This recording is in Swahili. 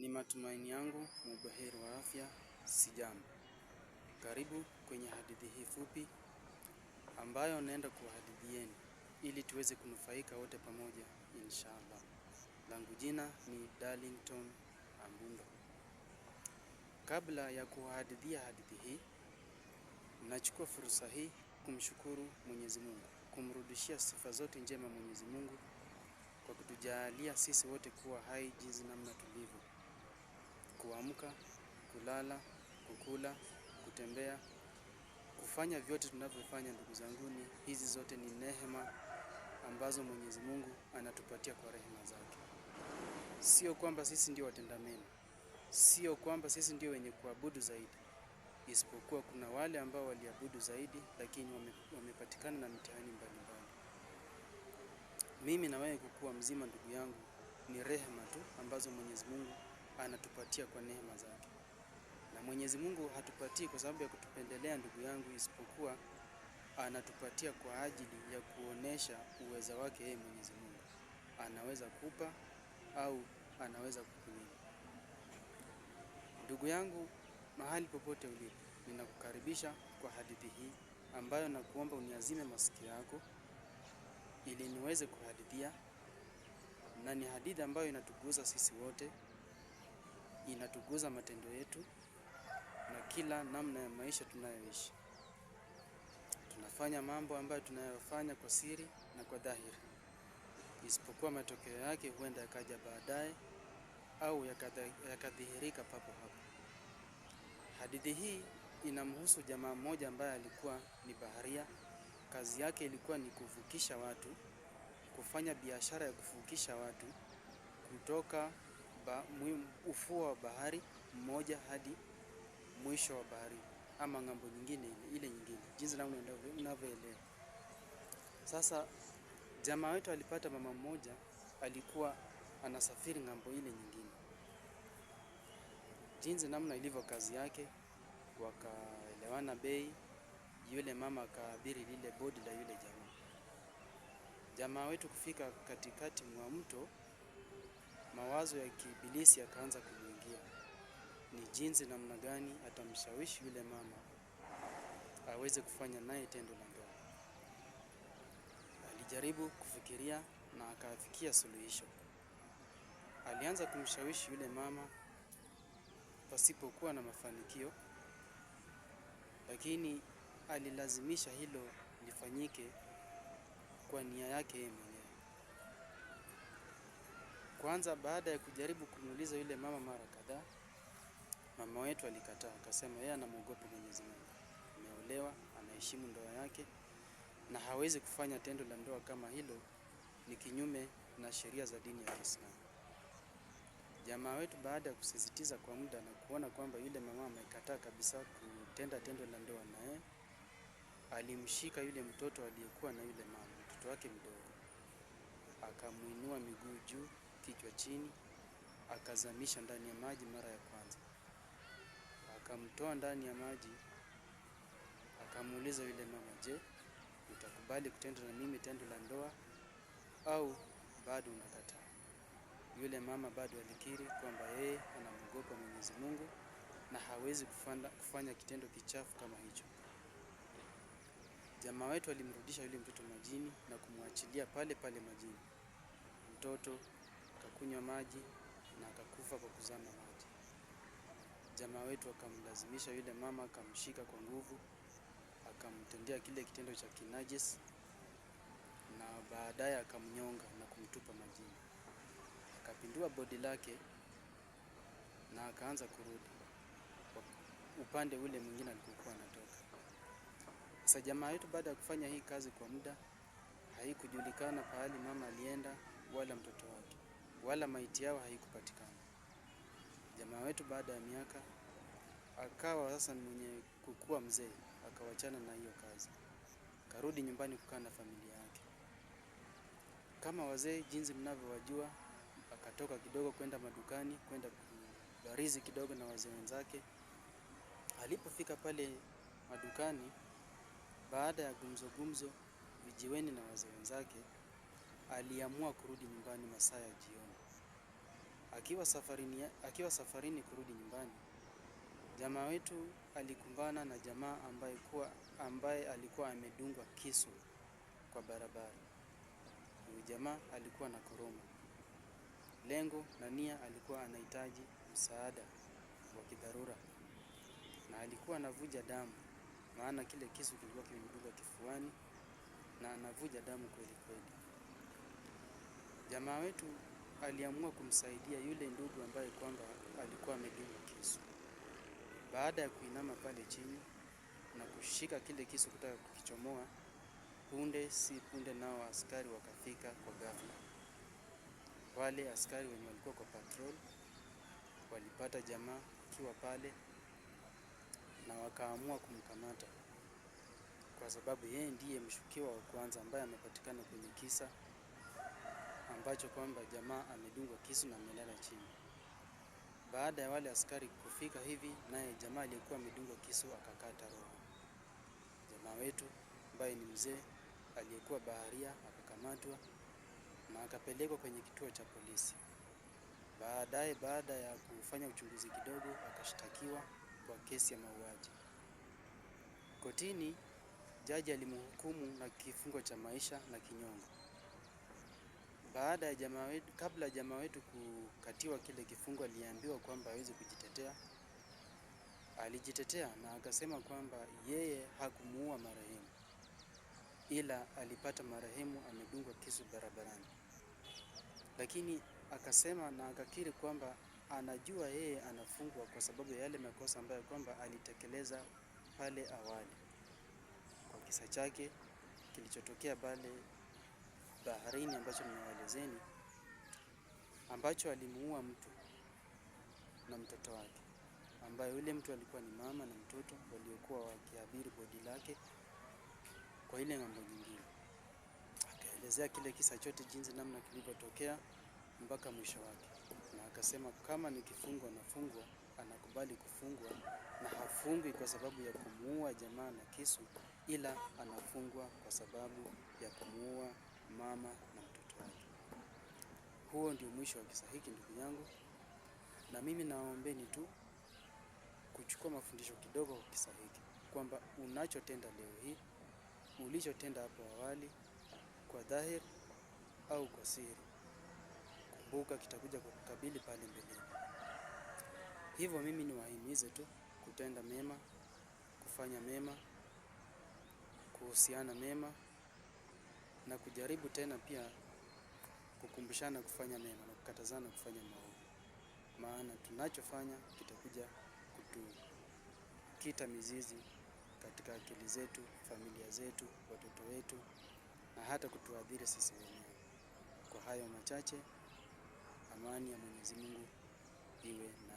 Ni matumaini yangu mubuheri wa afya, sijambo. Karibu kwenye hadithi hii fupi ambayo naenda kuwahadithieni ili tuweze kunufaika wote pamoja inshallah. Langu jina ni Darlington Ambundo. Kabla ya kuwahadithia hadithi hii, nachukua fursa hii kumshukuru Mwenyezi Mungu, kumrudishia sifa zote njema Mwenyezi Mungu kwa kutujalia sisi wote kuwa hai jinsi namna tulivyo kuamka, kulala, kukula, kutembea, kufanya vyote tunavyofanya, ndugu zanguni, hizi zote ni neema ambazo Mwenyezi Mungu anatupatia kwa rehema zake. Sio kwamba sisi ndio watenda mema, sio kwamba sisi ndio wenye kuabudu zaidi, isipokuwa kuna wale ambao waliabudu zaidi, lakini wamepatikana na mitihani mbalimbali. Mimi na wewe kukuwa mzima, ndugu yangu, ni rehema tu ambazo Mwenyezi Mungu anatupatia kwa neema zake, na Mwenyezi Mungu hatupatii kwa sababu ya kutupendelea, ndugu yangu, isipokuwa anatupatia kwa ajili ya kuonesha uweza wake. Yeye Mwenyezi Mungu anaweza kupa au anaweza kukunyima. Ndugu yangu, mahali popote ulipo, ninakukaribisha kwa hadithi hii ambayo nakuomba uniazime masikio yako ili niweze kuhadithia, na ni hadithi ambayo inatuguza sisi wote inatuguza matendo yetu na kila namna ya maisha tunayoishi. Tunafanya mambo ambayo tunayofanya kwa siri na kwa dhahiri, isipokuwa matokeo yake huenda yakaja baadaye au yakadhihirika papo hapo. Hadithi hii inamhusu jamaa mmoja ambaye alikuwa ni baharia. Kazi yake ilikuwa ni kuvukisha watu, kufanya biashara ya kuvukisha watu kutoka ba, ufuo wa bahari mmoja hadi mwisho wa bahari ama ng'ambo nyingine ile, ile nyingine, jinsi namna unavyoelewa. Sasa jamaa wetu alipata mama mmoja alikuwa anasafiri ng'ambo ile nyingine, jinsi namna ilivyo kazi yake, wakaelewana bei. Yule mama akaabiri lile bodi la yule jamaa. Jamaa wetu kufika katikati mwa mto Mawazo ya kiibilisi yakaanza kumwingia, ni jinsi namna gani atamshawishi yule mama aweze kufanya naye tendo la ndoa. Alijaribu kufikiria na akaafikia suluhisho. Alianza kumshawishi yule mama pasipokuwa na mafanikio, lakini alilazimisha hilo lifanyike kwa nia yake yeye kwanza baada ya kujaribu kumuuliza yule mama mara kadhaa, mama wetu alikataa, akasema yeye anamwogopa Mwenyezi Mungu, ameolewa, anaheshimu ndoa yake na hawezi kufanya tendo la ndoa kama hilo, ni kinyume na sheria za dini ya Kiislamu. Jamaa wetu baada ya kusisitiza kwa muda na kuona kwamba yule mama amekataa kabisa kutenda tendo la ndoa naye, alimshika yule mtoto aliyekuwa na yule mama, mtoto wake mdogo, akamwinua miguu juu kichwa chini, akazamisha ndani ya maji mara ya kwanza, akamtoa ndani ya maji, akamuuliza yule mama, je, utakubali kutenda na mimi tendo la ndoa au bado unakataa? Yule mama bado alikiri kwamba yeye anamwogopa Mwenyezi Mungu na hawezi kufanda, kufanya kitendo kichafu kama hicho. Jamaa wetu alimrudisha yule mtoto majini na kumwachilia pale pale majini. Mtoto akakunywa maji na akakufa kwa kuzama maji. Jamaa wetu akamlazimisha yule mama, akamshika kwa nguvu, akamtendea kile kitendo cha kinajis na baadaye akamnyonga na kumtupa majini. Akapindua bodi lake na akaanza kurudi kwa upande ule mwingine alikokuwa anatoka. Sasa jamaa yetu baada ya kufanya hii kazi kwa muda, haikujulikana pahali mama alienda wala mtoto wake wala maiti yao haikupatikana. Jamaa wetu baada ya miaka akawa sasa mwenye kukua mzee, akawachana na hiyo kazi, karudi nyumbani kukaa na familia yake. Kama wazee jinsi mnavyowajua, akatoka kidogo kwenda madukani kwenda kubarizi kidogo na wazee wenzake. Alipofika pale madukani, baada ya gumzo gumzo vijiweni na wazee wenzake aliamua kurudi nyumbani masaa ya jioni. Akiwa safarini, akiwa safarini kurudi nyumbani, jamaa wetu alikumbana na jamaa ambaye, kuwa, ambaye alikuwa amedungwa kisu kwa barabara. Huyu jamaa alikuwa na koroma. Lengo na nia alikuwa anahitaji msaada wa kidharura na alikuwa anavuja damu, maana kile kisu kilikuwa kimemdunga kifuani na anavuja damu kweli kweli. Jamaa wetu aliamua kumsaidia yule ndugu ambaye kwamba alikuwa amedungwa kisu. Baada ya kuinama pale chini na kushika kile kisu kutaka kukichomoa, punde si punde, nao askari wakafika kwa ghafla. Wale askari wenye walikuwa kwa patrol walipata jamaa akiwa pale na wakaamua kumkamata, kwa sababu yeye ndiye mshukiwa wa kwanza ambaye amepatikana kwenye kisa ambacho kwamba jamaa amedungwa kisu na amelala chini. Baada ya wale askari kufika hivi, naye jamaa aliyekuwa amedungwa kisu akakata roho. Jamaa wetu ambaye ni mzee aliyekuwa baharia akakamatwa na akapelekwa kwenye kituo cha polisi. Baadaye, baada ya kufanya uchunguzi kidogo, akashtakiwa kwa kesi ya mauaji. Kotini jaji alimhukumu na kifungo cha maisha na kinyongo. Baada ya jamaa wetu, kabla ya jamaa wetu kukatiwa kile kifungo, aliambiwa kwamba hawezi kujitetea. Alijitetea na akasema kwamba yeye hakumuua marehemu, ila alipata marehemu amedungwa kisu barabarani, lakini akasema na akakiri kwamba anajua yeye anafungwa kwa sababu ya yale makosa ambayo kwamba alitekeleza pale awali kwa kisa chake kilichotokea pale baharini ambacho nimewaelezeni ambacho alimuua mtu na mtoto wake, ambaye yule mtu alikuwa ni mama na mtoto waliokuwa wakiabiri bodi lake kwa ile ng'ambo nyingine. Akaelezea kile kisa chote, jinsi namna kilivyotokea mpaka mwisho wake, na akasema kama ni kifungo anafungwa, anakubali kufungwa na hafungwi kwa sababu ya kumuua jamaa na kisu, ila anafungwa kwa sababu ya kumuua mama na mtoto wake. Huo ndio mwisho wa kisa hiki ndugu yangu, na mimi naombeni tu kuchukua mafundisho kidogo kwa kisa hiki kwamba unachotenda leo hii, ulichotenda hapo awali, kwa dhahiri au kwa siri, kumbuka kitakuja kukabili pale mbeleni. Hivyo mimi niwahimize tu kutenda mema, kufanya mema, kuhusiana mema na kujaribu tena pia kukumbushana kufanya mema na kukatazana kufanya maovu, maana tunachofanya kitakuja kutukita mizizi katika akili zetu, familia zetu, watoto wetu na hata kutuadhiri sisi wenyewe. Kwa hayo machache, amani ya Mwenyezi Mungu iwe